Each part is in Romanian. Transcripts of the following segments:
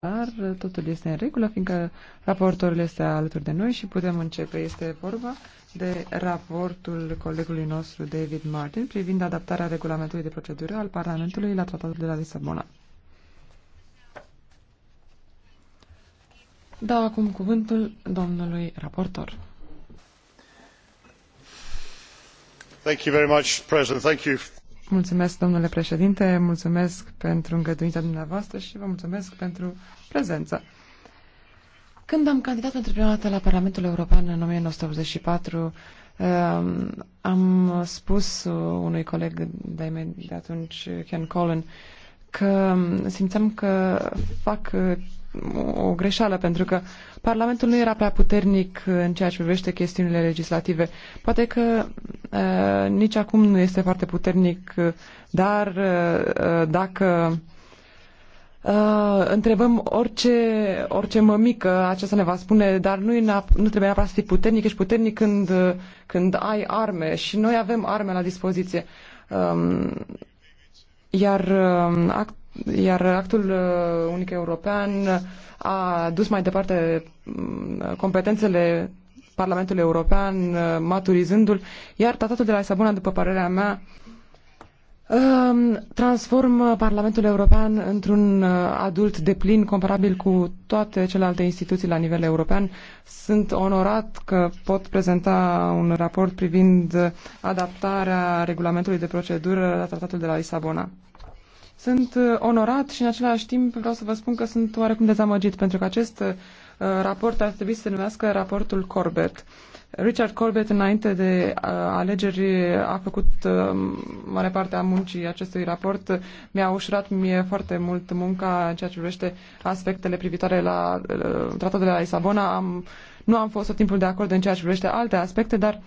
Dar totul este în regulă, fiindcă raportorul este alături de noi și putem începe. Este vorba de raportul colegului nostru David Martin privind adaptarea regulamentului de procedură al Parlamentului la Tratatul de la Lisabona. Da acum cuvântul domnului raportor. Thank you very much, President. Thank you Mulțumesc, domnule președinte, mulțumesc pentru îngăduința dumneavoastră și vă mulțumesc pentru prezență. Când am candidat pentru prima dată la Parlamentul European în 1984, ehm, am spus unui coleg de atunci, Ken Collin, că simțeam că fac o greșeală, pentru că Parlamentul nu era prea puternic în ceea ce privește chestiunile legislative. Poate că uh, nici acum nu este foarte puternic, uh, dar uh, uh, dacă Uh, întrebăm orice, orice mămică, aceasta ne va spune, dar nu, nu trebuie neapărat să fii puternic, ești puternic când, uh, când ai arme și noi avem arme la dispoziție. Um, iar uh, act, iar actul uh, unic european a dus mai departe mm, competențele Parlamentului European, uh, maturizându-l, iar tratatul de la Lisabona, după părerea mea, um, transformă Parlamentul European într-un uh, adult de plin comparabil cu toate celelalte instituții la nivel european. Sunt onorat că pot prezenta un raport privind adaptarea regulamentului de procedură la tratatul de la Lisabona. Sunt uh, onorat și în același timp vreau să vă spun că sunt oarecum dezamăgit pentru că acest uh, raport ar trebui să se numească raportul Corbett. Richard Corbett, înainte de uh, alegeri, a făcut mare parte a muncii acestui raport. Mi-a ușurat mie foarte mult munca în ceea ce privește aspectele privitoare la tratatul de la Lisabona. Am, nu am fost tot timpul de acord în ceea ce privește alte aspecte, dar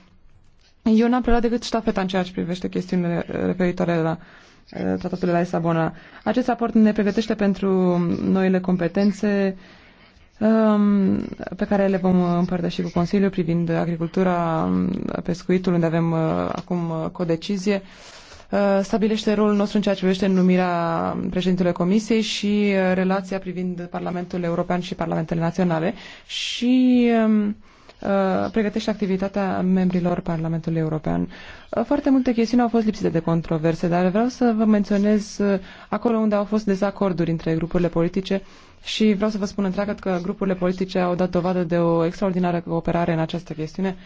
eu n-am preluat decât ștafeta în ceea ce privește chestiunile referitoare la uh, Eh, tratatul de la Lisabona. Acest raport ne pregătește pentru noile competențe um, pe care le vom împărtăși cu Consiliul privind agricultura, um, pescuitul, unde avem uh, acum uh, codecizie, uh, stabilește rolul nostru în ceea ce privește numirea președintelui Comisiei și relația privind Parlamentul European și Parlamentele Naționale și um, Uh, pregătește activitatea membrilor Parlamentului European. Uh, foarte multe chestiuni au fost lipsite de controverse, dar vreau să vă menționez uh, acolo unde au fost dezacorduri între grupurile politice și vreau să vă spun întreagăt că grupurile politice au dat dovadă de o extraordinară cooperare în această chestiune.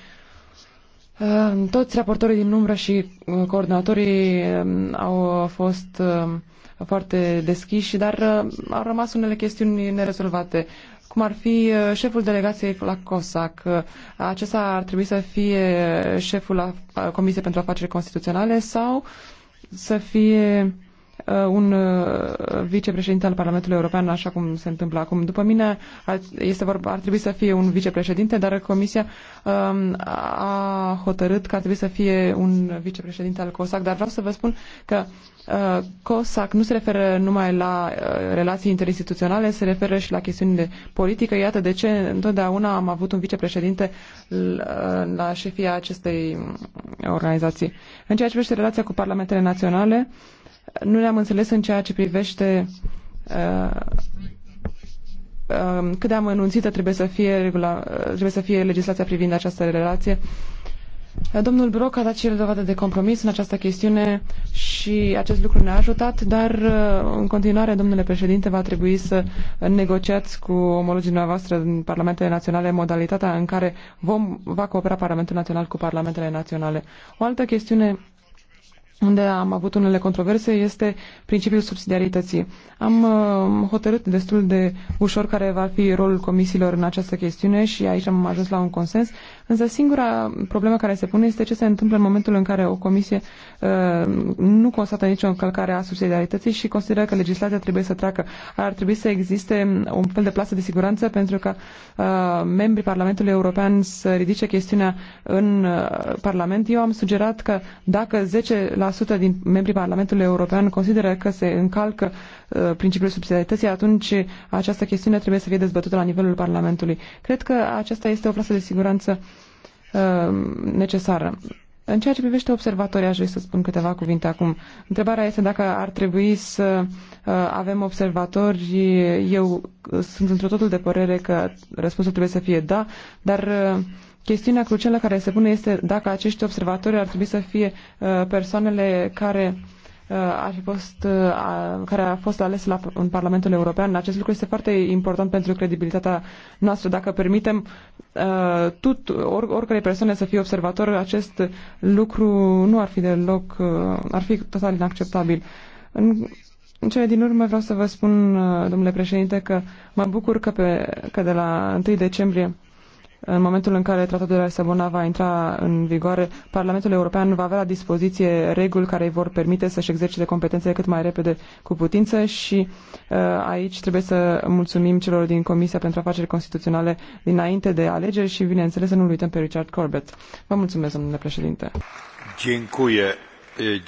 Toți raportorii din umbră și coordonatorii um, au fost foarte deschiși, dar au rămas unele chestiuni nerezolvate cum ar fi uh, șeful delegației la COSAC. Uh, acesta ar trebui să fie șeful la uh, Comisie pentru Afaceri Constituționale sau să fie Uh, un uh, vicepreședinte al Parlamentului European, așa cum se întâmplă acum. După mine, este vorba, ar trebui să fie un vicepreședinte, dar Comisia um, a hotărât că ar trebui să fie un vicepreședinte al COSAC, dar vreau să vă spun că uh, COSAC nu se referă numai la relații interinstituționale, se referă și la chestiuni de politică. Iată de ce întotdeauna am avut un vicepreședinte la șefia acestei um, organizații. În ceea ce privește relația cu parlamentele naționale, nu ne-am înțeles în ceea ce privește uh, um, cât de amănunțită trebuie să fie, regula, uh, trebuie să fie legislația privind această relație. Domnul Broc a dat și el dovadă de compromis în această chestiune și acest lucru ne-a ajutat, dar uh, în continuare, domnule președinte, va trebui să negociați cu omologii dumneavoastră din Parlamentele Naționale modalitatea în care vom, va coopera Parlamentul Național cu Parlamentele Naționale. O altă chestiune unde am avut unele controverse este principiul subsidiarității. Am uh, hotărât destul de ușor care va fi rolul comisiilor în această chestiune și aici am ajuns la un consens. Însă singura problemă care se pune este ce se întâmplă în momentul în care o comisie uh, nu constată nicio încălcare a subsidiarității și consideră că legislația trebuie să treacă. Ar trebui să existe un fel de plasă de siguranță pentru că uh, membrii Parlamentului European să ridice chestiunea în uh, Parlament. Eu am sugerat că dacă 10% din membrii Parlamentului European consideră că se încalcă Uh, principiul subsidiarității, atunci această chestiune trebuie să fie dezbătută la nivelul Parlamentului. Cred că aceasta este o plasă de siguranță uh, necesară. În ceea ce privește observatorii, aș vrea să spun câteva cuvinte acum. Întrebarea este dacă ar trebui să uh, avem observatori. Eu sunt într totul de părere că răspunsul trebuie să fie da, dar chestiunea crucială care se pune este dacă acești observatori ar trebui să fie persoanele care Uh, ar fi fost, uh, care a fost ales la, în Parlamentul European. Acest lucru este foarte important pentru credibilitatea noastră. Dacă permitem uh, tut, or, oricărei persoane să fie observator, acest lucru nu ar fi deloc, ar fi total inacceptabil. În, în cele din urmă vreau să vă spun, domnule președinte, că mă bucur că, pe, că de la 1 decembrie în momentul în care tratatul de la Lisabona va intra în vigoare, Parlamentul European va avea la dispoziție reguli care îi vor permite să-și exercite competențele cât mai repede cu putință și uh, aici trebuie să mulțumim celor din Comisia pentru Afaceri Constituționale dinainte de alegeri și, bineînțeles, să nu uităm pe Richard Corbett. Vă mulțumesc, domnule președinte. Dziękuję.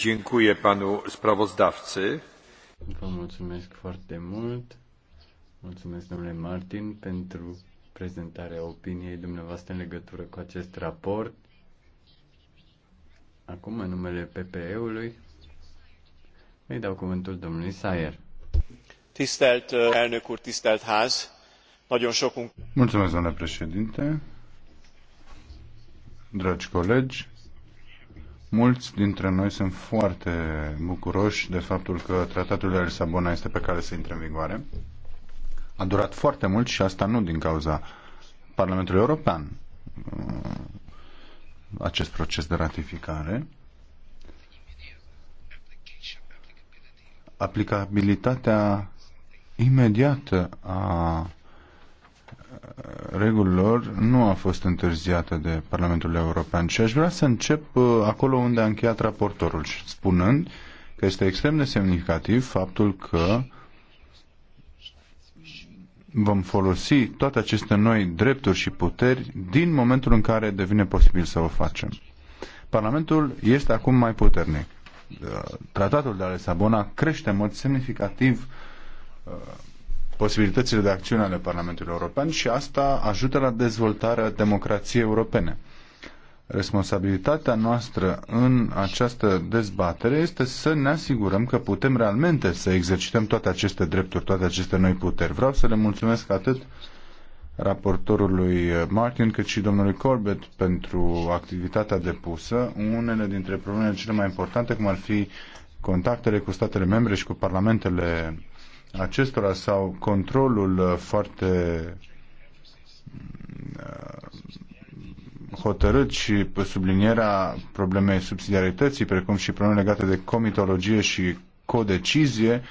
Dziękuję panu sprawozdawcy. Vă mulțumesc foarte mult. Mulțumesc, domnule Martin, pentru prezentarea opiniei dumneavoastră în legătură cu acest raport. Acum, în numele PPE-ului, îi dau cuvântul domnului Sayer. Tisztelt uh, elnök úr, tisztelt ház! Nagyon sokunk... Mulțumesc, domnule președinte! Dragi colegi, Mulți dintre noi sunt foarte bucuroși de faptul că tratatul de Lisabona este pe care să intre în vigoare a durat foarte mult și asta nu din cauza Parlamentului European uh, acest proces de ratificare. Aplicabilitatea imediată a uh, regulilor nu a fost întârziată de Parlamentul European și aș vrea să încep uh, acolo unde a încheiat raportorul, spunând că este extrem de semnificativ faptul că vom folosi toate aceste noi drepturi și puteri din momentul în care devine posibil să o facem. Parlamentul este acum mai puternic. Uh, tratatul de la Lisabona crește în mod semnificativ uh, posibilitățile de acțiune ale Parlamentului European și asta ajută la dezvoltarea democrației europene. Responsabilitatea noastră în această dezbatere este să ne asigurăm că putem realmente să exercităm toate aceste drepturi, toate aceste noi puteri. Vreau să le mulțumesc atât raportorului Martin, cât și domnului Corbett pentru activitatea depusă. Unele dintre problemele cele mai importante, cum ar fi contactele cu statele membre și cu parlamentele acestora sau controlul foarte hotărât și sublinierea problemei subsidiarității, precum și probleme legate de comitologie și codecizie,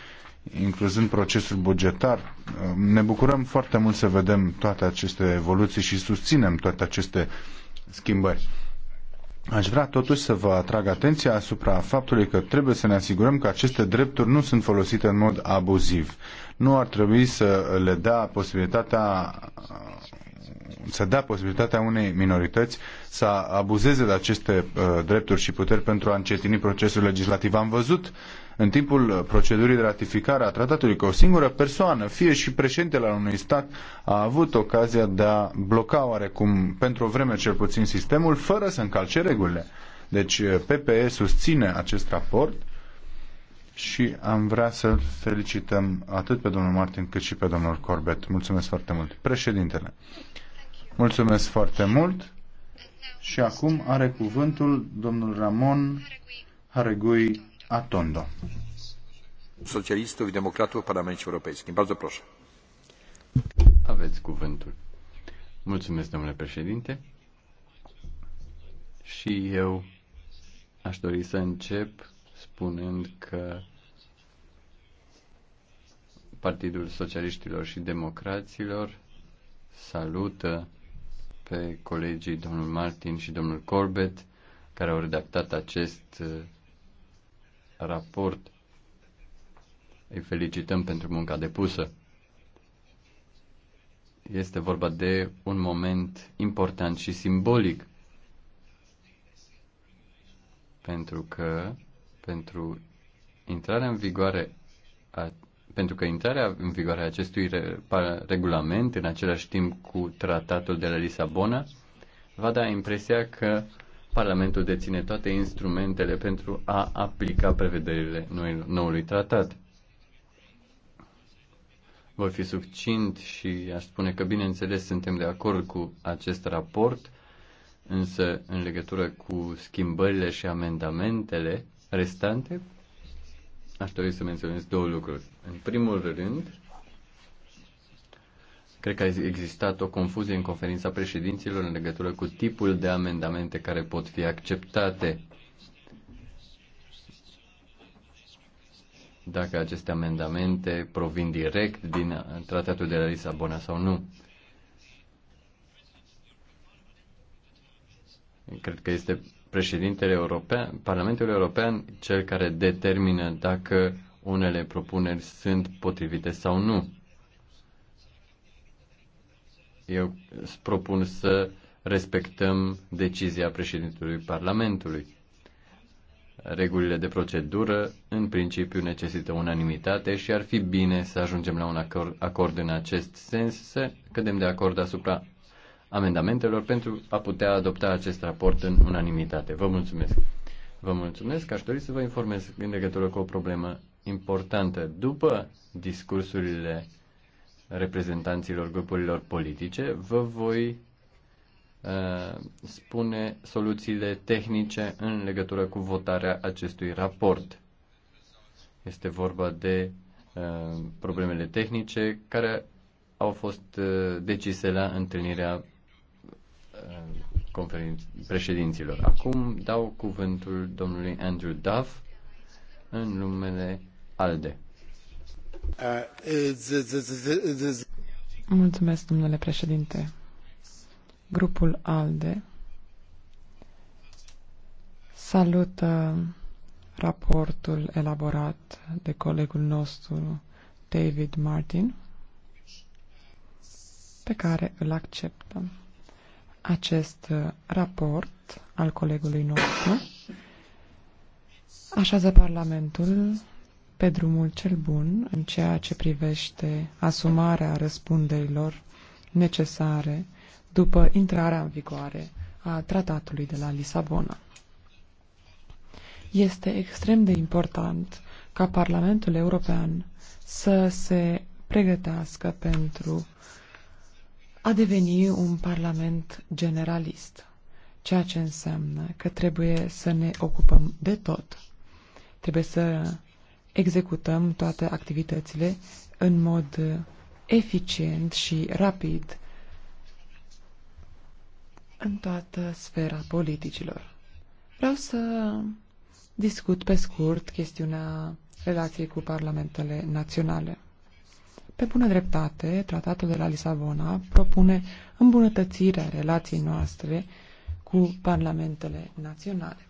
incluzând procesul bugetar. Ne bucurăm foarte mult să vedem toate aceste evoluții și susținem toate aceste schimbări. Aș vrea totuși să vă atrag atenția asupra faptului că trebuie să ne asigurăm că aceste drepturi nu sunt folosite în mod abuziv nu ar trebui să le dea posibilitatea să dea posibilitatea unei minorități să abuzeze de aceste uh, drepturi și puteri pentru a încetini procesul legislativ. Am văzut în timpul procedurii de ratificare a tratatului că o singură persoană, fie și președintele al unui stat, a avut ocazia de a bloca oarecum, pentru o vreme cel puțin, sistemul, fără să încalce regulile. Deci uh, PPE susține acest raport și am vrea să felicităm atât pe domnul Martin cât și pe domnul Corbett. Mulțumesc foarte mult. Președintele, mulțumesc foarte mult și acum are cuvântul domnul Ramon Haregui Atondo. Socialistul Democratul Parlamentului Europei. Schimbați Europejskim. Bardzo Aveți cuvântul. Mulțumesc, domnule președinte. Și eu aș dori să încep spunând că Partidul Socialiștilor și Democraților salută pe colegii domnul Martin și domnul Corbett care au redactat acest uh, raport. Îi felicităm pentru munca depusă. Este vorba de un moment important și simbolic pentru că pentru intrarea în vigoare a, pentru că intrarea în vigoare a acestui re, regulament în același timp cu tratatul de la Lisabona va da impresia că Parlamentul deține toate instrumentele pentru a aplica prevederile noi, noului tratat. Voi fi succint și aș spune că, bineînțeles, suntem de acord cu acest raport, însă în legătură cu schimbările și amendamentele restante, aș dori să menționez două lucruri. În primul rând, cred că a existat o confuzie în conferința președinților în legătură cu tipul de amendamente care pot fi acceptate. Dacă aceste amendamente provin direct din tratatul de la Lisabona sau nu. Cred că este președintele European, Parlamentului European cel care determină dacă unele propuneri sunt potrivite sau nu. Eu îți propun să respectăm decizia președintelui Parlamentului. Regulile de procedură, în principiu, necesită unanimitate și ar fi bine să ajungem la un acord, acord în acest sens, să cădem de acord asupra amendamentelor pentru a putea adopta acest raport în unanimitate. Vă mulțumesc! Vă mulțumesc, aș dori să vă informez în legătură cu o problemă importantă. După discursurile reprezentanților grupurilor politice, vă voi uh, spune soluțiile tehnice în legătură cu votarea acestui raport. Este vorba de uh, problemele tehnice care au fost uh, decise la întâlnirea președinților. Acum dau cuvântul domnului Andrew Duff în numele ALDE. Mulțumesc, domnule președinte. Grupul ALDE salută raportul elaborat de colegul nostru David Martin, pe care îl acceptăm acest uh, raport al colegului nostru așează Parlamentul pe drumul cel bun în ceea ce privește asumarea răspunderilor necesare după intrarea în vigoare a tratatului de la Lisabona. Este extrem de important ca Parlamentul European să se pregătească pentru a deveni un parlament generalist, ceea ce înseamnă că trebuie să ne ocupăm de tot. Trebuie să executăm toate activitățile în mod eficient și rapid în toată sfera politicilor. Vreau să discut pe scurt chestiunea relației cu parlamentele naționale. Pe bună dreptate, tratatul de la Lisabona propune îmbunătățirea relației noastre cu parlamentele naționale.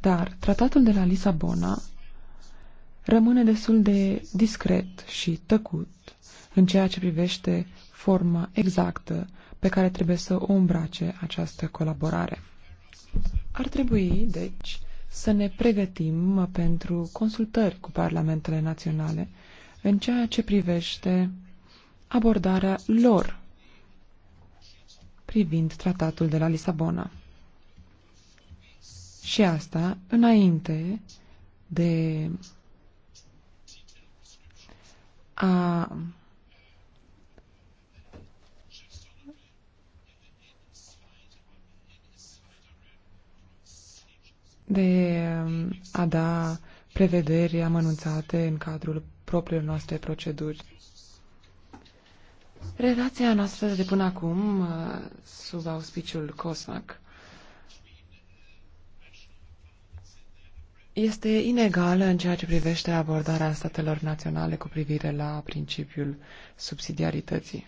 Dar tratatul de la Lisabona rămâne destul de discret și tăcut în ceea ce privește forma exactă pe care trebuie să o îmbrace această colaborare. Ar trebui, deci, să ne pregătim pentru consultări cu parlamentele naționale în ceea ce privește abordarea lor privind tratatul de la Lisabona. Și asta înainte de a de a da prevederi amănunțate în cadrul propriilor noastre proceduri. Relația noastră de până acum, sub auspiciul COSMAC, este inegală în ceea ce privește abordarea statelor naționale cu privire la principiul subsidiarității.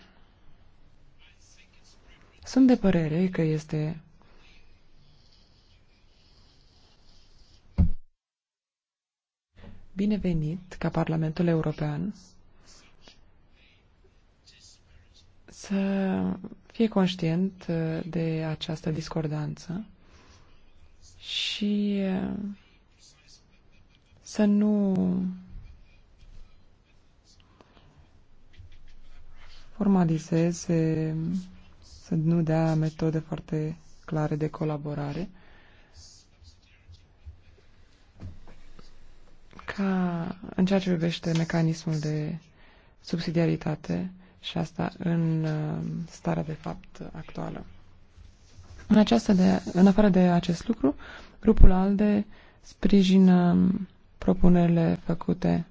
Sunt de părere că este binevenit ca Parlamentul European să fie conștient uh, de această discordanță și uh, să nu formalizeze, să nu dea metode foarte clare de colaborare ca în ceea ce privește mecanismul de subsidiaritate și asta în uh, starea de fapt actuală. În, această de, în afară de acest lucru, grupul ALDE sprijină um, propunerile făcute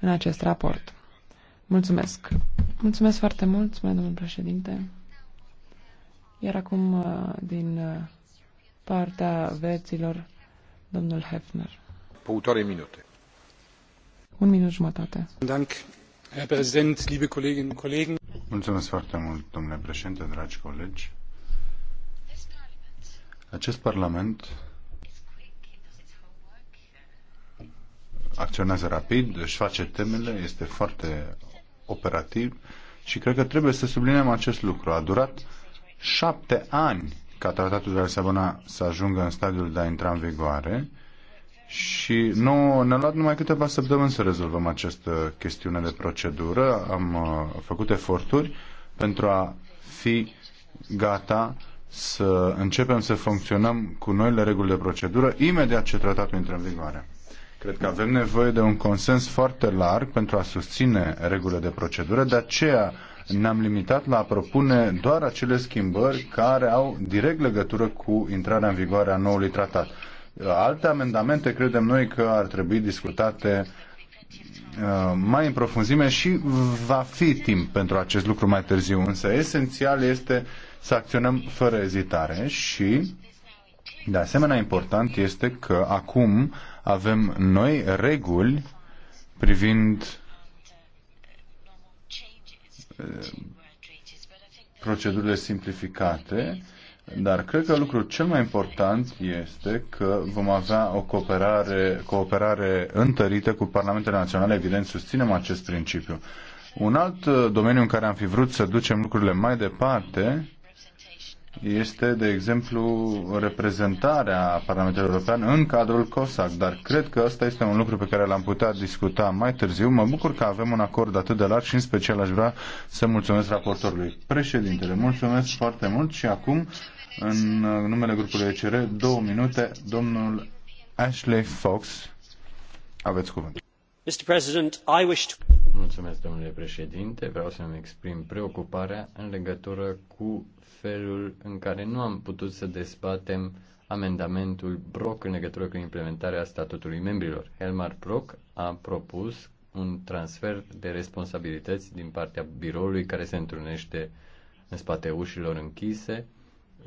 în acest raport. Mulțumesc. Mulțumesc foarte mult, spune domnul președinte. Iar acum, uh, din uh, partea verților, domnul Hefner. Păutoare minute. Un minut jumătate. Dank, Herr Präsident, liebe Kolleginnen und Kollegen. Mulțumesc foarte mult, domnule președinte, dragi colegi. Acest Parlament acționează rapid, își face temele, este foarte operativ și cred că trebuie să subliniem acest lucru. A durat șapte ani ca tratatul de la Lisabona să ajungă în stadiul de a intra în vigoare și nu ne-a luat numai câteva săptămâni să rezolvăm această chestiune de procedură. Am uh, făcut eforturi pentru a fi gata să începem să funcționăm cu noile reguli de procedură imediat ce tratatul intră în vigoare. Cred că avem nevoie de un consens foarte larg pentru a susține regulile de procedură, de aceea ne-am limitat la a propune doar acele schimbări care au direct legătură cu intrarea în vigoare a noului tratat. Alte amendamente credem noi că ar trebui discutate uh, mai în profunzime și va fi timp pentru acest lucru mai târziu. Însă esențial este să acționăm fără ezitare și de asemenea important este că acum avem noi reguli privind procedurile simplificate, dar cred că lucrul cel mai important este că vom avea o cooperare, cooperare întărită cu Parlamentele Naționale. Evident, susținem acest principiu. Un alt uh, domeniu în care am fi vrut să ducem lucrurile mai departe este, de exemplu, reprezentarea Parlamentului European în cadrul COSAC, dar cred că ăsta este un lucru pe care l-am putea discuta mai târziu. Mă bucur că avem un acord atât de larg și, în special, aș vrea să mulțumesc raportorului. Președintele, mulțumesc foarte mult și acum, în numele grupului ECR, două minute, domnul Ashley Fox. Aveți cuvânt. Mr. President, I wish to... Mulțumesc, domnule președinte. Vreau să-mi exprim preocuparea în legătură cu felul în care nu am putut să dezbatem amendamentul Brock în legătură cu implementarea statutului membrilor. Helmar Brock a propus un transfer de responsabilități din partea biroului care se întrunește în spate ușilor închise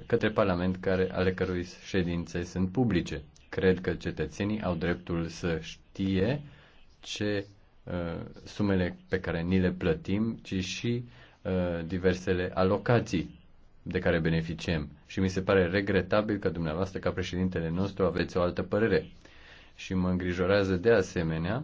către Parlament care, ale cărui ședințe sunt publice. Cred că cetățenii au dreptul să știe ce Uh, sumele pe care ni le plătim, ci și uh, diversele alocații de care beneficiem. Și mi se pare regretabil că dumneavoastră, ca președintele nostru, aveți o altă părere. Și mă îngrijorează de asemenea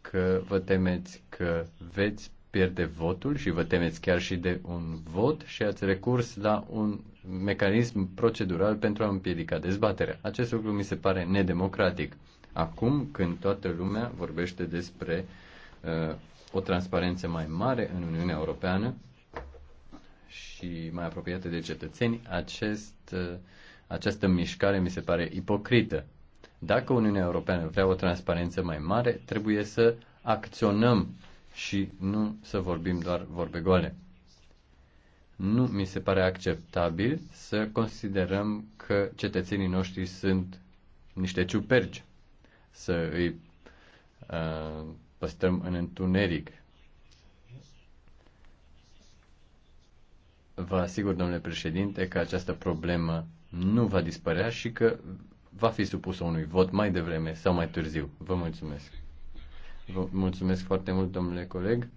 că vă temeți că veți pierde votul și vă temeți chiar și de un vot și ați recurs la un mecanism procedural pentru a împiedica dezbaterea. Acest lucru mi se pare nedemocratic. Acum, când toată lumea vorbește despre uh, Uh, o transparență mai mare în Uniunea Europeană și mai apropiată de cetățeni, acest, uh, această mișcare mi se pare ipocrită. Dacă Uniunea Europeană vrea o transparență mai mare, trebuie să acționăm și nu să vorbim doar vorbe goale. Nu mi se pare acceptabil să considerăm că cetățenii noștri sunt niște ciuperci, să îi uh, păstrăm în întuneric. Vă asigur, domnule președinte, că această problemă nu va dispărea și că va fi supusă unui vot mai devreme sau mai târziu. Vă mulțumesc. Vă mulțumesc foarte mult, domnule coleg.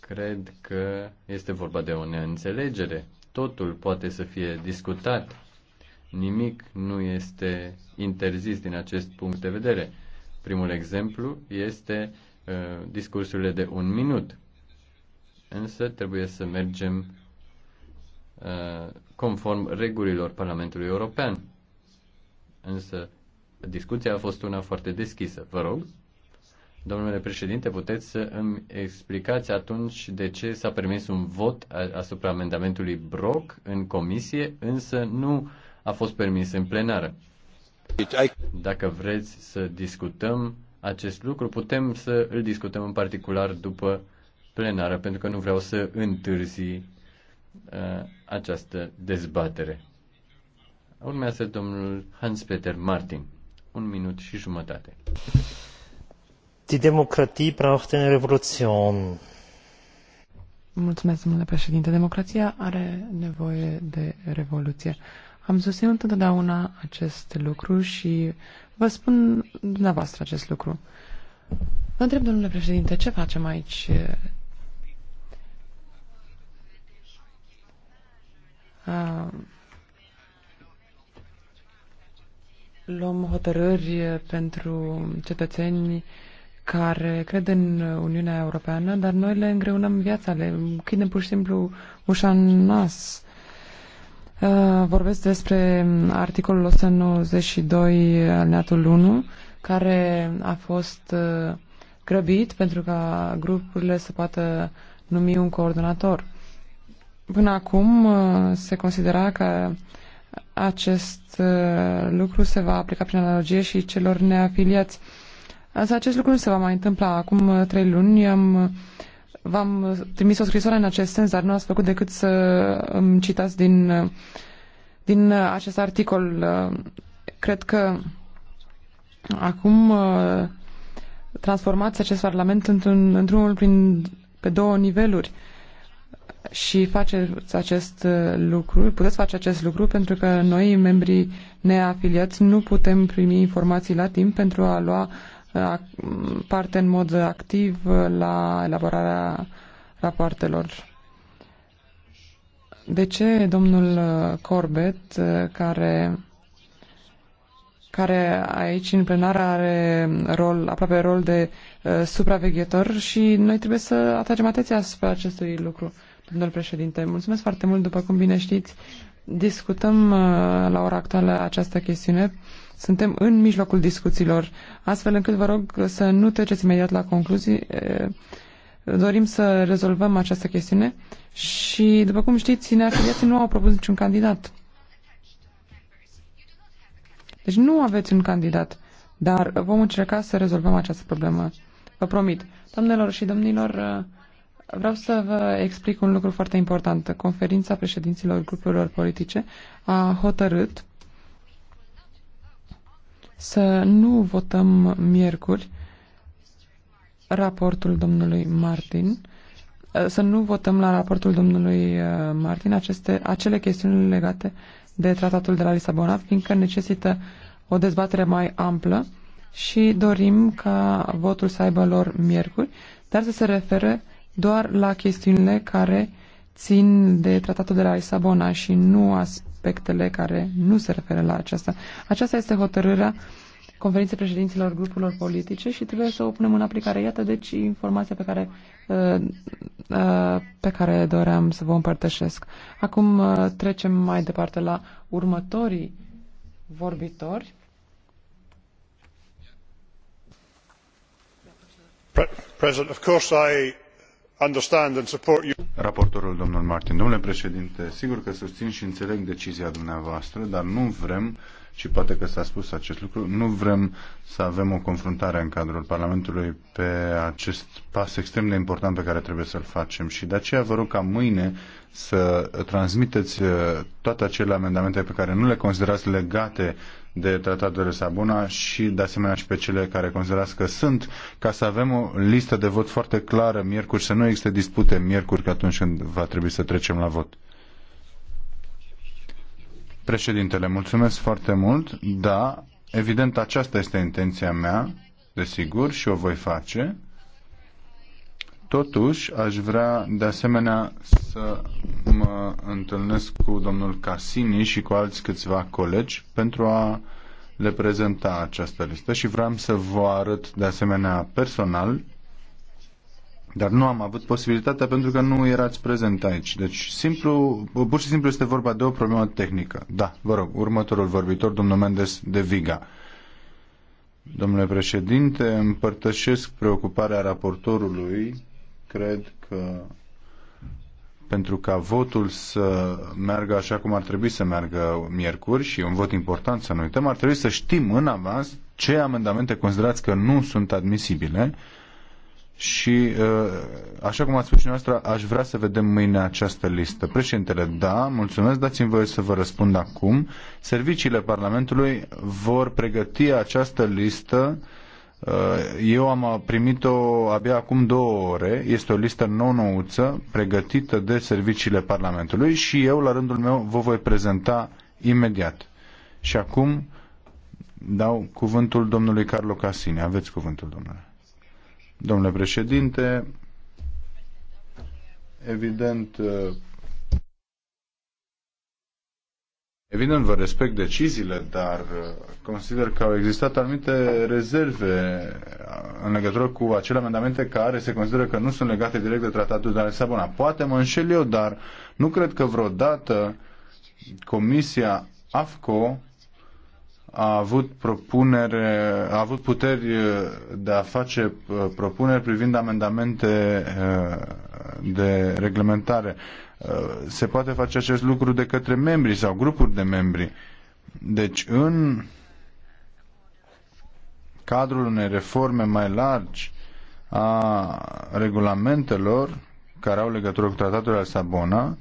Cred că este vorba de o neînțelegere. Totul poate să fie discutat. Nimic nu este interzis din acest punct de vedere. Primul exemplu este uh, discursurile de un minut. Însă trebuie să mergem uh, conform regulilor Parlamentului European. Însă discuția a fost una foarte deschisă. Vă rog, domnule președinte, puteți să îmi explicați atunci de ce s-a permis un vot asupra amendamentului Brock în comisie, însă nu a fost permis în plenară. Dacă vreți să discutăm acest lucru, putem să îl discutăm în particular după plenară, pentru că nu vreau să întârzi uh, această dezbatere. Urmează domnul Hans-Peter Martin. Un minut și jumătate. Die Demokratie braucht eine Revolution. Mulțumesc, domnule președinte. Democrația are nevoie de revoluție. Am susținut întotdeauna acest lucru și vă spun dumneavoastră acest lucru. Vă întreb, domnule președinte, ce facem aici? Uh, luăm hotărâri pentru cetățeni care cred în Uniunea Europeană, dar noi le îngreunăm viața, le închidem pur și simplu ușa în nas. Uh, vorbesc despre articolul 192 alineatul 1, care a fost uh, grăbit pentru ca grupurile să poată numi un coordonator. Până acum uh, se considera că acest lucru se va aplica prin analogie și celor neafiliați. Însă acest lucru nu se va mai întâmpla. Acum trei luni am v-am trimis o scrisoare în acest sens, dar nu ați făcut decât să îmi citați din, din acest articol. Cred că acum uh, transformați acest Parlament într-un, într-unul prin, pe două niveluri și faceți acest uh, lucru, puteți face acest lucru pentru că noi, membrii neafiliați, nu putem primi informații la timp pentru a lua parte în mod activ la elaborarea rapoartelor. De ce domnul Corbett, care, care aici în plenar are rol, aproape rol de uh, supraveghetor și noi trebuie să atragem atenția asupra acestui lucru, domnul președinte. Mulțumesc foarte mult, după cum bine știți, discutăm uh, la ora actuală această chestiune suntem în mijlocul discuțiilor, astfel încât vă rog să nu treceți imediat la concluzii. Dorim să rezolvăm această chestiune și, după cum știți, neafiliații nu au propus niciun candidat. Deci nu aveți un candidat, dar vom încerca să rezolvăm această problemă. Vă promit. Doamnelor și domnilor, vreau să vă explic un lucru foarte important. Conferința președinților grupurilor politice a hotărât să nu votăm miercuri raportul domnului Martin, să nu votăm la raportul domnului uh, Martin aceste, acele chestiuni legate de tratatul de la Lisabona, fiindcă necesită o dezbatere mai amplă și dorim ca votul să aibă lor miercuri, dar să se refere doar la chestiunile care țin de tratatul de la Lisabona și nu aspectele care nu se referă la aceasta. Aceasta este hotărârea conferinței președinților grupurilor politice și trebuie să o punem în aplicare. Iată, deci, informația pe care, uh, uh, pe care doream să vă împărtășesc. Acum uh, trecem mai departe la următorii vorbitori. President, of course I Raportorul domnul Martin. Domnule președinte, sigur că susțin și înțeleg decizia dumneavoastră, dar nu vrem și poate că s-a spus acest lucru, nu vrem să avem o confruntare în cadrul Parlamentului pe acest pas extrem de important pe care trebuie să-l facem și de aceea vă rog ca mâine să transmiteți uh, toate acele amendamente pe care nu le considerați legate de Tratatul de Lisabona și de asemenea și pe cele care considerați că sunt, ca să avem o listă de vot foarte clară miercuri, să nu existe dispute miercuri că atunci când va trebui să trecem la vot. Președintele, mulțumesc foarte mult. Da, evident aceasta este intenția mea, desigur, și o voi face. Totuși, aș vrea de asemenea să mă întâlnesc cu domnul Casini și cu alți câțiva colegi pentru a le prezenta această listă și vreau să vă arăt de asemenea personal, dar nu am avut posibilitatea pentru că nu erați prezent aici. Deci, simplu, pur și simplu este vorba de o problemă tehnică. Da, vă rog, următorul vorbitor, domnul Mendes de Viga. Domnule președinte, împărtășesc preocuparea raportorului cred că pentru ca votul să meargă așa cum ar trebui să meargă miercuri și un vot important să nu uităm, ar trebui să știm în avans ce amendamente considerați că nu sunt admisibile și, uh, așa cum ați spus și noastră, aș vrea să vedem mâine această listă. Președintele, da, mulțumesc, dați-mi voie să vă răspund acum. Serviciile Parlamentului vor pregăti această listă Uh, eu am primit-o abia acum două ore. Este o listă nou-nouță pregătită de serviciile Parlamentului și eu, la rândul meu, vă voi prezenta imediat. Și acum dau cuvântul domnului Carlo Casini. Aveți cuvântul, domnule. Domnule președinte, evident, uh, Evident, vă respect deciziile, dar uh, consider că au existat anumite rezerve uh, în legătură cu acele amendamente care se consideră că nu sunt legate direct de tratatul de la Lisabona. Poate mă înșel eu, dar nu cred că vreodată Comisia AFCO a avut propunere, a avut puteri uh, de a face propuneri privind amendamente de reglementare. Uh, se poate face acest lucru de către membri sau grupuri de membri. Deci, în cadrul unei reforme mai largi a regulamentelor care au legătură cu tratatul al Sabona,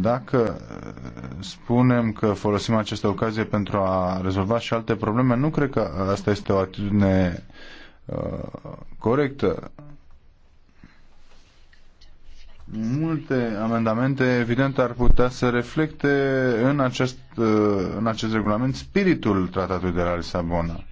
dacă uh, spunem că folosim această ocazie pentru a rezolva și alte probleme, nu cred că asta este o atitudine uh, corectă multe amendamente, evident, ar putea să reflecte în acest, uh, în acest regulament spiritul tratatului de la Lisabona.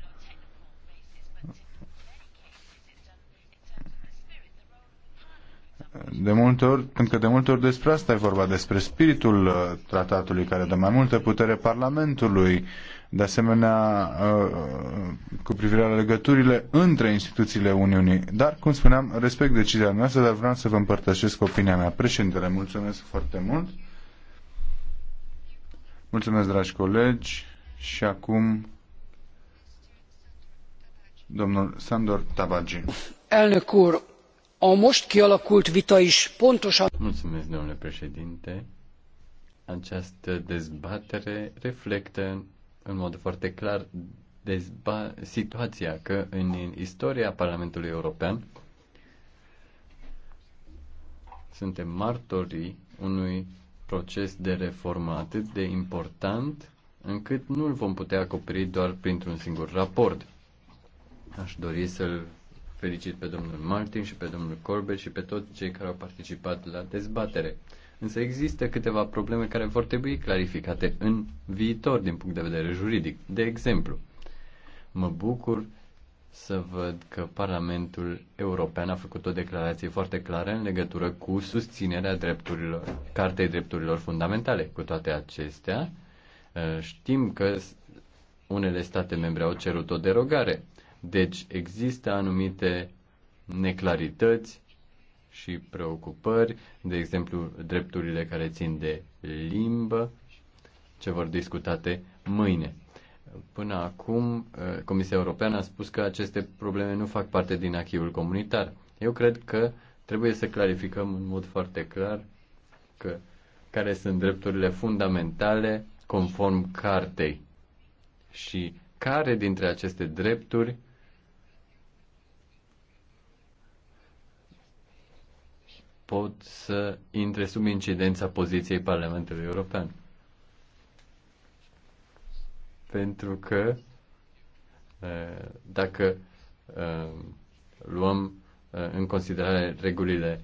De multe ori, pentru că de multe ori despre asta e vorba, despre spiritul uh, tratatului care dă mai multă putere Parlamentului, de asemenea uh, cu privire la legăturile între instituțiile Uniunii. Dar, cum spuneam, respect decizia noastră, dar vreau să vă împărtășesc opinia mea. Președintele, mulțumesc foarte mult. Mulțumesc, dragi colegi. Și acum, domnul Sandor Tabagi. Elnök úr, a most kialakult vita is pontosan... Mulțumesc, domnule președinte. Această dezbatere reflectă în mod foarte clar dezba- situația că în istoria Parlamentului European suntem martorii unui proces de reformă atât de important încât nu îl vom putea acoperi doar printr-un singur raport. Aș dori să-l felicit pe domnul Martin și pe domnul Corbett și pe toți cei care au participat la dezbatere. Însă există câteva probleme care vor trebui clarificate în viitor din punct de vedere juridic. De exemplu, mă bucur să văd că Parlamentul European a făcut o declarație foarte clară în legătură cu susținerea drepturilor, Cartei Drepturilor Fundamentale. Cu toate acestea, eh, știm că unele state membre au cerut o derogare. Deci există anumite neclarități și preocupări, de exemplu drepturile care țin de limbă, ce vor discutate mâine. Până acum, eh, Comisia Europeană a spus că aceste probleme nu fac parte din achiul comunitar. Eu cred că trebuie să clarificăm în mod foarte clar că, care sunt drepturile fundamentale conform cartei și care dintre aceste drepturi pot să intre sub incidența poziției Parlamentului European. Pentru că dacă luăm în considerare regulile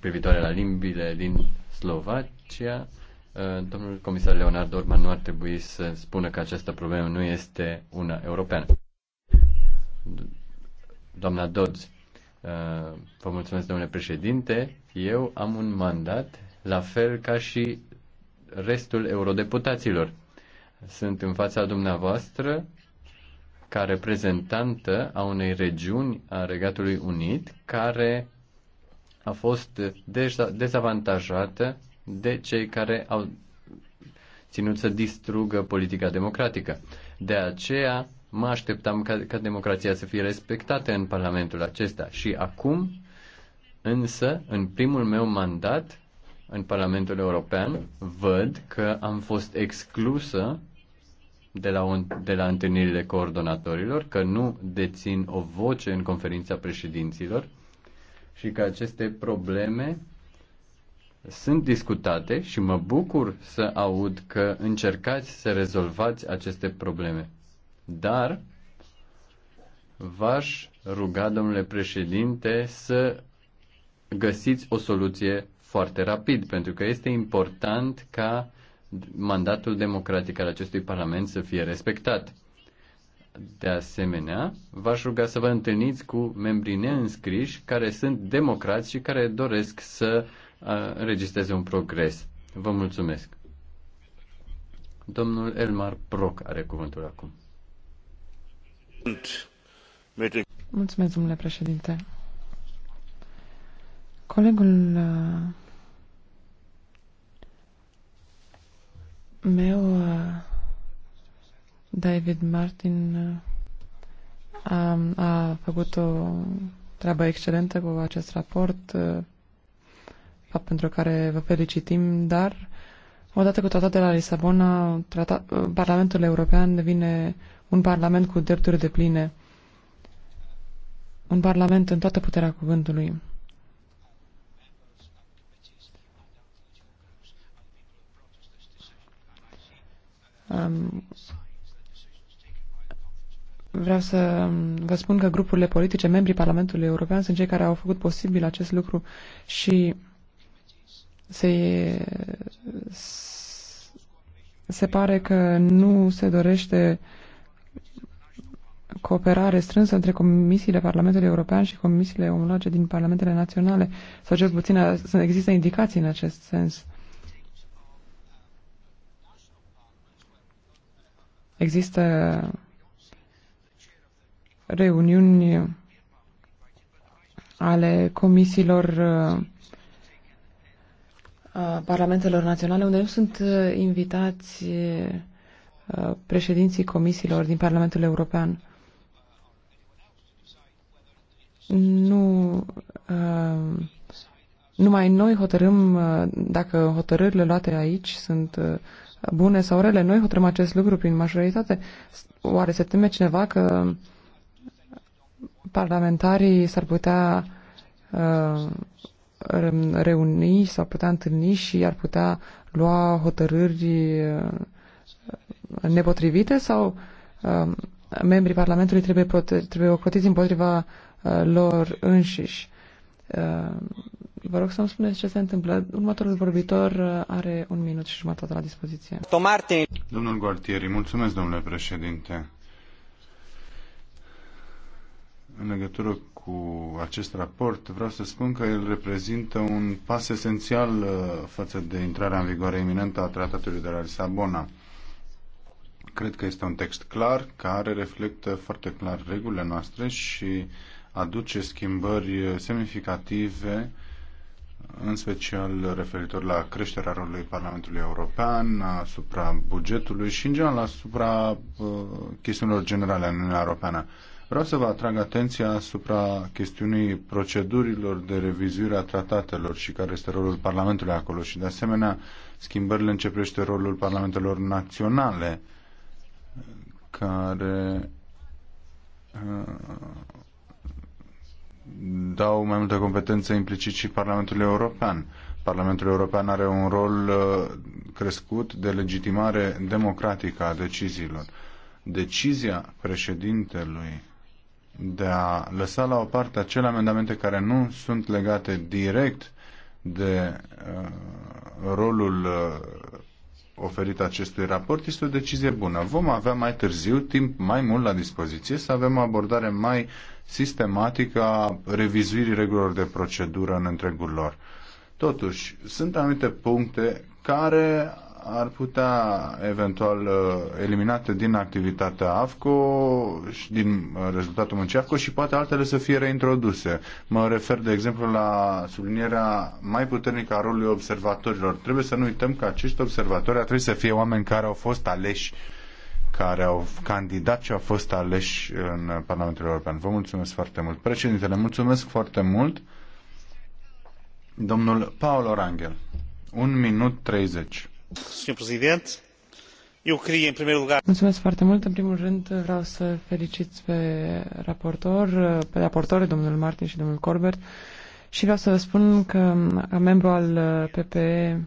privitoare la limbile din Slovacia, domnul comisar Leonard Orban nu ar trebui să spună că această problemă nu este una europeană. Doamna Dodds, Uh, vă mulțumesc, domnule președinte. Eu am un mandat la fel ca și restul eurodeputaților. Sunt în fața dumneavoastră ca reprezentantă a unei regiuni a Regatului Unit care a fost dezavantajată de cei care au ținut să distrugă politica democratică. De aceea mă așteptam ca, ca democrația să fie respectată în Parlamentul acesta. Și acum, însă, în primul meu mandat în Parlamentul European, văd că am fost exclusă de la, un, de la întâlnirile coordonatorilor, că nu dețin o voce în conferința președinților și că aceste probleme sunt discutate și mă bucur să aud că încercați să rezolvați aceste probleme. Dar v-aș ruga, domnule președinte, să găsiți o soluție foarte rapid, pentru că este important ca mandatul democratic al acestui Parlament să fie respectat. De asemenea, v-aș ruga să vă întâlniți cu membrii neînscriși care sunt democrați și care doresc să înregistreze un progres. Vă mulțumesc. Domnul Elmar Proc are cuvântul acum președinte. Colegul uh, meu, uh, David Martin, uh, a, a făcut o treabă excelentă cu acest raport, fapt pentru care vă felicitim, dar odată cu tratatul de la Lisabona, tratat, Parlamentul European devine un parlament cu drepturi de pline, un parlament în toată puterea cuvântului. Um, vreau să vă spun că grupurile politice, membrii Parlamentului European, sunt cei care au făcut posibil acest lucru și se, se pare că nu se dorește uh, cooperare strânsă între comisiile Parlamentului European și comisiile omologe din Parlamentele Naționale, sau cel puțin există indicații în acest sens. Există reuniuni ale comisiilor Parlamentelor Naționale, unde nu sunt uh, invitați uh, președinții comisiilor din Parlamentul European nu uh, numai noi hotărâm uh, dacă hotărârile luate aici sunt uh, bune sau rele. Noi hotărâm acest lucru prin majoritate. Oare se teme cineva că parlamentarii s-ar putea uh, reuni, s-ar putea întâlni și ar putea lua hotărâri uh, nepotrivite sau uh, membrii Parlamentului trebuie, prote- trebuie ocrotiți împotriva Uh, lor înșiși. Uh, vă rog să-mi spuneți ce se întâmplă. Următorul vorbitor uh, are un minut și jumătate la dispoziție. Domnul Gualtieri, mulțumesc, domnule președinte. În legătură cu acest raport, vreau să spun că el reprezintă un pas esențial față de intrarea în vigoare iminentă a Tratatului de la Lisabona. Cred că este un text clar care reflectă foarte clar regulile noastre și uh, aduce schimbări semnificative, în special referitor la creșterea rolului Parlamentului European, asupra bugetului și, în general, asupra uh, chestiunilor generale în Uniunea Europeană. Vreau să vă atrag atenția asupra chestiunii procedurilor de revizuire a tratatelor și care este rolul Parlamentului acolo și, de asemenea, schimbările începește rolul Parlamentelor naționale care uh, dau mai multă competență implicit și Parlamentului European. Parlamentul European are un rol uh, crescut de legitimare democratică a deciziilor. Decizia președintelui de a lăsa la o parte acele amendamente care nu sunt legate direct de uh, rolul uh, oferit acestui raport este o decizie bună. Vom avea mai târziu timp mai mult la dispoziție să avem o abordare mai sistematică a revizuirii regulilor de procedură în întregul lor. Totuși, sunt anumite puncte care ar putea eventual uh, eliminate din activitatea AFCO și din uh, rezultatul muncii AFCO și poate altele să fie reintroduse. Mă refer, de exemplu, la sublinierea mai puternică a rolului observatorilor. Trebuie să nu uităm că acești observatori ar trebui să fie oameni care au fost aleși care au candidat și au fost aleși în Parlamentul European. Vă mulțumesc foarte mult. Președintele, mulțumesc foarte mult. Domnul Paolo Rangel, un minut 30. Mulțumesc foarte mult. În primul rând vreau să felicit pe raportor, pe raportori, domnul Martin și domnul Corbett și vreau să vă spun că ca membru al PPE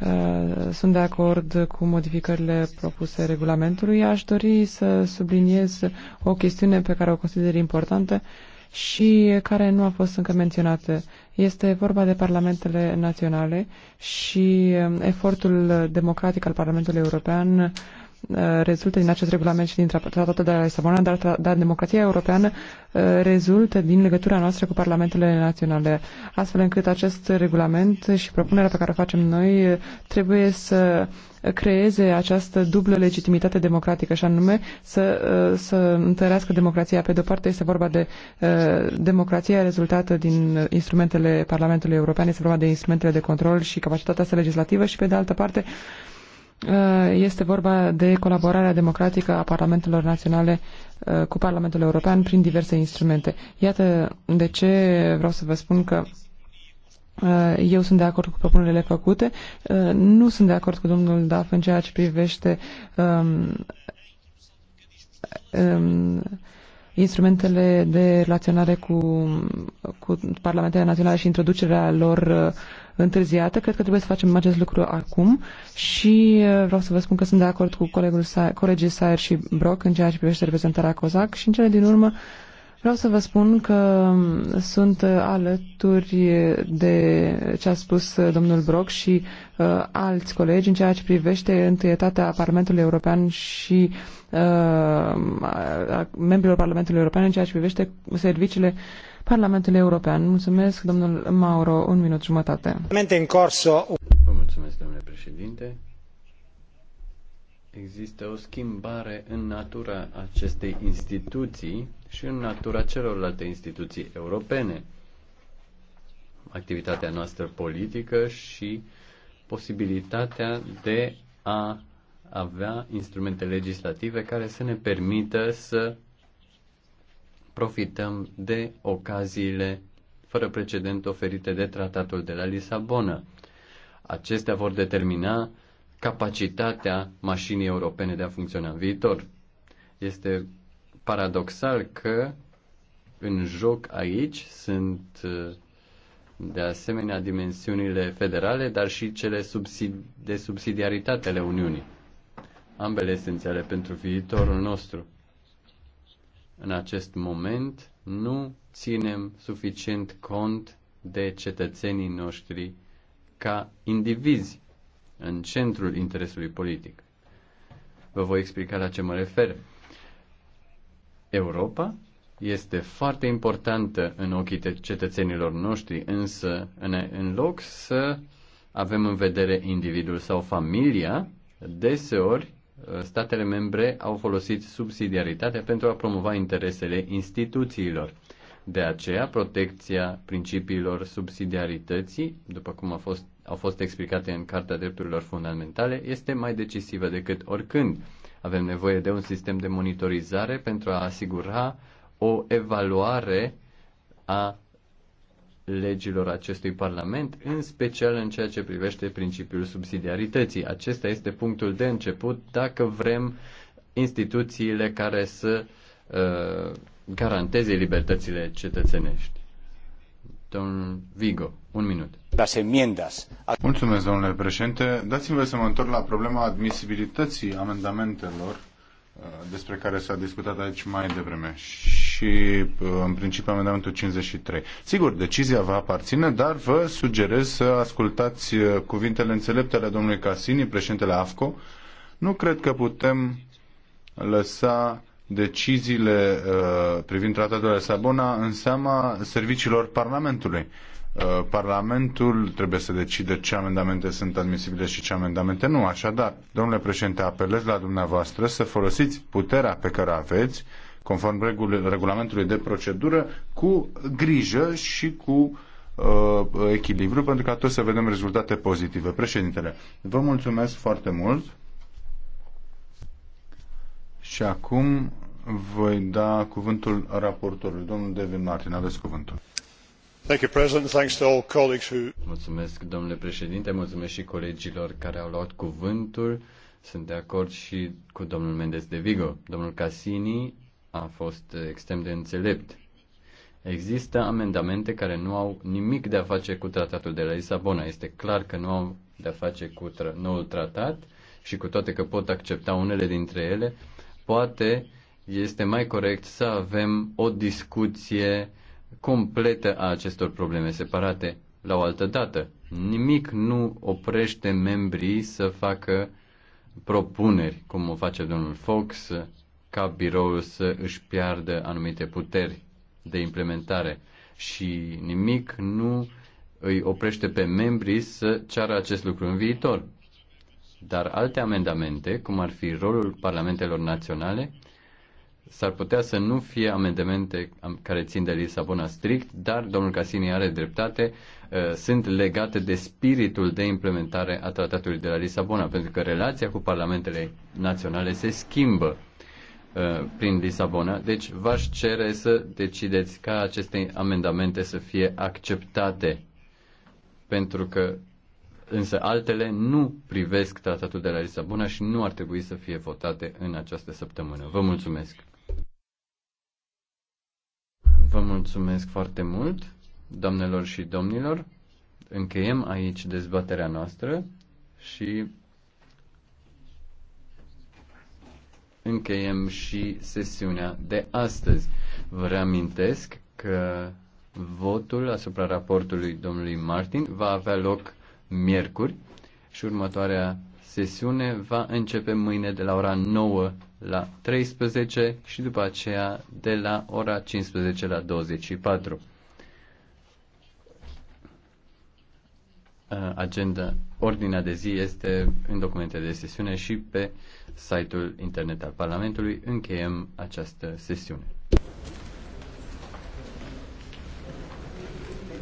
uh, sunt de acord cu modificările propuse regulamentului. Aș dori să subliniez o chestiune pe care o consider importantă și care nu a fost încă menționată. Este vorba de parlamentele naționale și um, efortul democratic al Parlamentului European Eh, rezultă din acest regulament și din tratatul de la Lisabona, dar, dar democrația europeană eh, rezultă din legătura noastră cu parlamentele naționale, astfel încât acest regulament și propunerea pe care o facem noi eh, trebuie să creeze această dublă legitimitate democratică și anume să, să întărească democrația. Pe de-o parte este vorba de democrația rezultată din instrumentele Parlamentului European, este vorba de instrumentele de control și capacitatea sa legislativă și pe de altă parte Uh, este vorba de colaborarea democratică a parlamentelor naționale uh, cu Parlamentul European prin diverse instrumente. Iată de ce vreau să vă spun că uh, eu sunt de acord cu propunerile făcute. Nu sunt de acord cu domnul Daf în ceea ce privește um, um, instrumentele de relaționare cu, cu Parlamentele Naționale și introducerea lor uh, întârziată. Cred că trebuie să facem acest lucru acum și uh, vreau să vă spun că sunt de acord cu colegul Sa- colegii Saer și Brock în ceea ce privește reprezentarea COSAC și în cele din urmă Vreau să vă spun că um, sunt alături de ce a spus domnul Brock și uh, alți colegi în ceea ce privește întâietatea Parlamentului European și Uh, a membrilor Parlamentului European în ceea ce privește serviciile Parlamentului European. Mulțumesc, domnul Mauro, un minut jumătate. În corso... Vă mulțumesc, domnule președinte. Există o schimbare în natura acestei instituții și în natura celorlalte instituții europene. Activitatea noastră politică și posibilitatea de a avea instrumente legislative care să ne permită să profităm de ocaziile fără precedent oferite de tratatul de la Lisabona. Acestea vor determina capacitatea mașinii europene de a funcționa în viitor. Este paradoxal că în joc aici sunt uh, de asemenea dimensiunile federale, dar și cele de subsidiaritate ale Uniunii ambele esențiale pentru viitorul nostru. În acest moment nu ținem suficient cont de cetățenii noștri ca indivizi în centrul interesului politic. Vă voi explica la ce mă refer. Europa este foarte importantă în ochii cetățenilor noștri, însă în, loc să avem în vedere individul sau familia, deseori statele membre au folosit subsidiaritatea pentru a promova interesele instituțiilor. De aceea, protecția principiilor subsidiarității, după cum a fost, au fost explicate în Carta Drepturilor Fundamentale, este mai decisivă decât oricând. Avem nevoie de un sistem de monitorizare pentru a asigura o evaluare a legilor acestui Parlament, în special în ceea ce privește principiul subsidiarității. Acesta este punctul de început dacă vrem instituțiile care să uh, garanteze libertățile cetățenești. Domnul Vigo, un minut. Mulțumesc, domnule președinte. Dați-mi să mă întorc la problema admisibilității amendamentelor Uh, despre care s-a discutat aici mai devreme și uh, în principiu amendamentul 53. Sigur, decizia va aparține, dar vă sugerez să ascultați uh, cuvintele înțelepte ale domnului Casini, președintele AFCO. Nu cred că putem lăsa deciziile privind tratatul de Sabona în seama serviciilor Parlamentului. Uh, Parlamentul trebuie să decide ce amendamente sunt admisibile și ce amendamente nu. Așadar, domnule președinte, apelez la dumneavoastră să folosiți puterea pe care aveți, conform regul- regulamentului de procedură, cu grijă și cu uh, echilibru, pentru ca toți să vedem rezultate pozitive. Președintele, vă mulțumesc foarte mult și acum voi da cuvântul raportorului, domnul Devin Martin. Aveți cuvântul. Mulțumesc, domnule președinte, mulțumesc și colegilor care au luat cuvântul. Sunt de acord și cu domnul Mendes de Vigo. Domnul Casini a fost extrem de înțelept. Există amendamente care nu au nimic de a face cu tratatul de la Lisabona. Este clar că nu au de a face cu tra- noul tratat și cu toate că pot accepta unele dintre ele, poate este mai corect să avem o discuție completă a acestor probleme separate la o altă dată. Nimic nu oprește membrii să facă propuneri, cum o face domnul Fox, ca biroul să își piardă anumite puteri de implementare și nimic nu îi oprește pe membrii să ceară acest lucru în viitor. Dar alte amendamente, cum ar fi rolul parlamentelor naționale, S-ar putea să nu fie amendamente care țin de Lisabona strict, dar domnul Casini are dreptate, uh, sunt legate de spiritul de implementare a tratatului de la Lisabona, pentru că relația cu parlamentele naționale se schimbă uh, prin Lisabona. Deci v-aș cere să decideți ca aceste amendamente să fie acceptate, pentru că însă altele nu privesc tratatul de la Lisabona și nu ar trebui să fie votate în această săptămână. Vă mulțumesc! Vă mulțumesc foarte mult, doamnelor și domnilor. Încheiem aici dezbaterea noastră și încheiem și sesiunea de astăzi. Vă reamintesc că votul asupra raportului domnului Martin va avea loc miercuri și următoarea sesiune va începe mâine de la ora 9 la 13 și după aceea de la ora 15 la 24. Uh, agenda, ordinea de zi este în documentele de sesiune și pe site-ul internet al Parlamentului. Încheiem această sesiune.